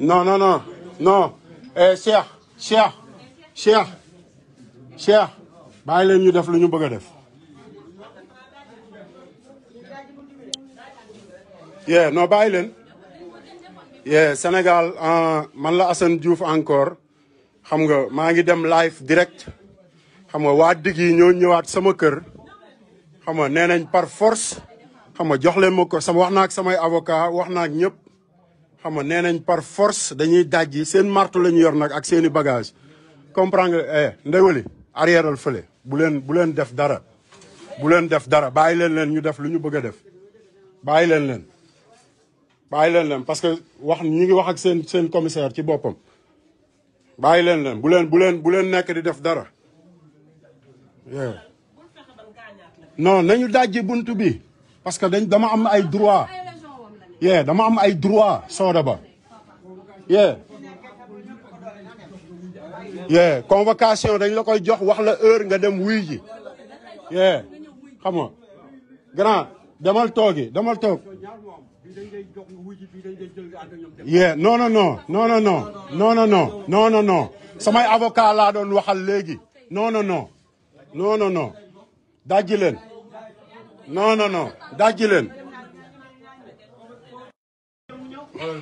non non non non eh, Cheikh Cheikh Cheikh Cheikh bàyyi leen ñu def lu ñu bëgg a def yeah non bàyyi leen yeah Sénégal ah, man la assen Diouf encore xam nga maa ngi dem live direct xam nga waa digg yi ñoo ñëwaat sama kër xam nga nee nañ par force xam nga jox leen ma ko sama wax naa samay avocat wax naa ak ñëpp xam nga nee nañ par force dañuy dajji seen marto la ñu yor nag ak seeni bagage comprendre nga eh ndewali arrièreal fale bu leen bu leen def dara bu leen def dara bàyyi leen leen ñu def lu ñu bëgg a def bàyyi leen leen bàyyi leen leen parce que wax ñi ngi wax ak seen seen commissaire ci boppam bàyyi leen leen bu leen bu leen bu leen nekk di def dara non nañu dajji bunt bi parce que dañ dama am ay droit yee dama am ay droit sooda ba yee yee convocation dañ la koy jox wax la heure nga dem wuy yee xam nga grand demal toogi demal toog yee non non non non non non non non non non non samay avocat waxal léegi non non non non non non dajji leen non non non leen over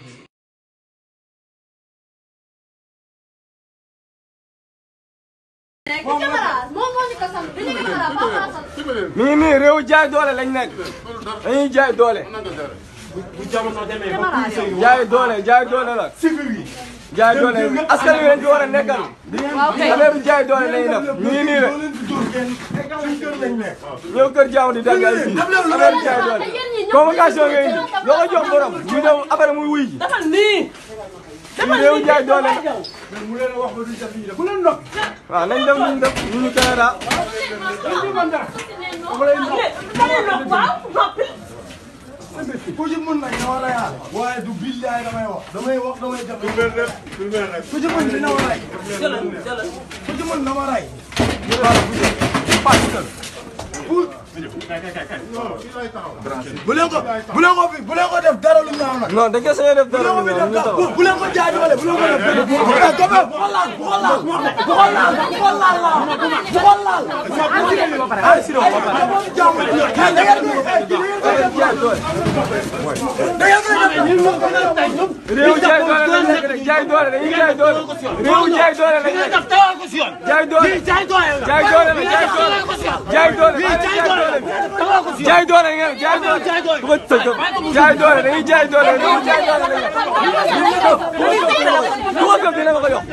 mi ngi réew jaay doole lañ nekk dañuy jaay doole jaay doole jaay doole la jaay doole askan wi leen a nekkal ah, affaire jaay doole lañuy def mi ngi kër jaamu di dangal fii affaire jaay doole convocation ngay indi loo ko jox borom muy dem après muy wuy ji. defal nii. defal nii jaay doole mu leen wax ba duñ def ñu def bu leen nokk. waaw nañ dem ñu def ñu ñu Canada. ku ci mën nag dama lay aar. waaye du billaay damay wax. damay wax damay def. du mel ne du mel ne. ku ci mën dina ma rey. jëlal jëlal ku ci mën dama rey. ñu ne la bu jëm. parce que pour. bu leen ko bu leen ko fi bu leen ko def dara lu ñaaw nag. non da ngeen sañ a def dara lu ñaaw nag bu leen ko jaajëfale bu leen ko def dara. bu ko laal bu ko laal bu ko laal bu ko laal laa bu ko laal. ay si doon ba pare ay da ngeen koy da ngeen koy def réew jaay doole lañ nekk jaay doole dañuy jaay doole réew jaay doole lañ nekk. ko si yoon. jaay doole bi jaay doole la. jaay doole bi jaay doole la ko si yoon. jaay doole bi jaay doole la. taxawal ko si yoon jaay doole ngeen la ñu. ko gëm dina ma ko yokk.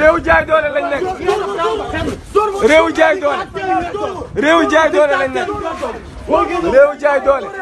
réew jaay doole lañ nekk. réew jaay doole. réew jaay doole lañ nekk. réew jaay doole.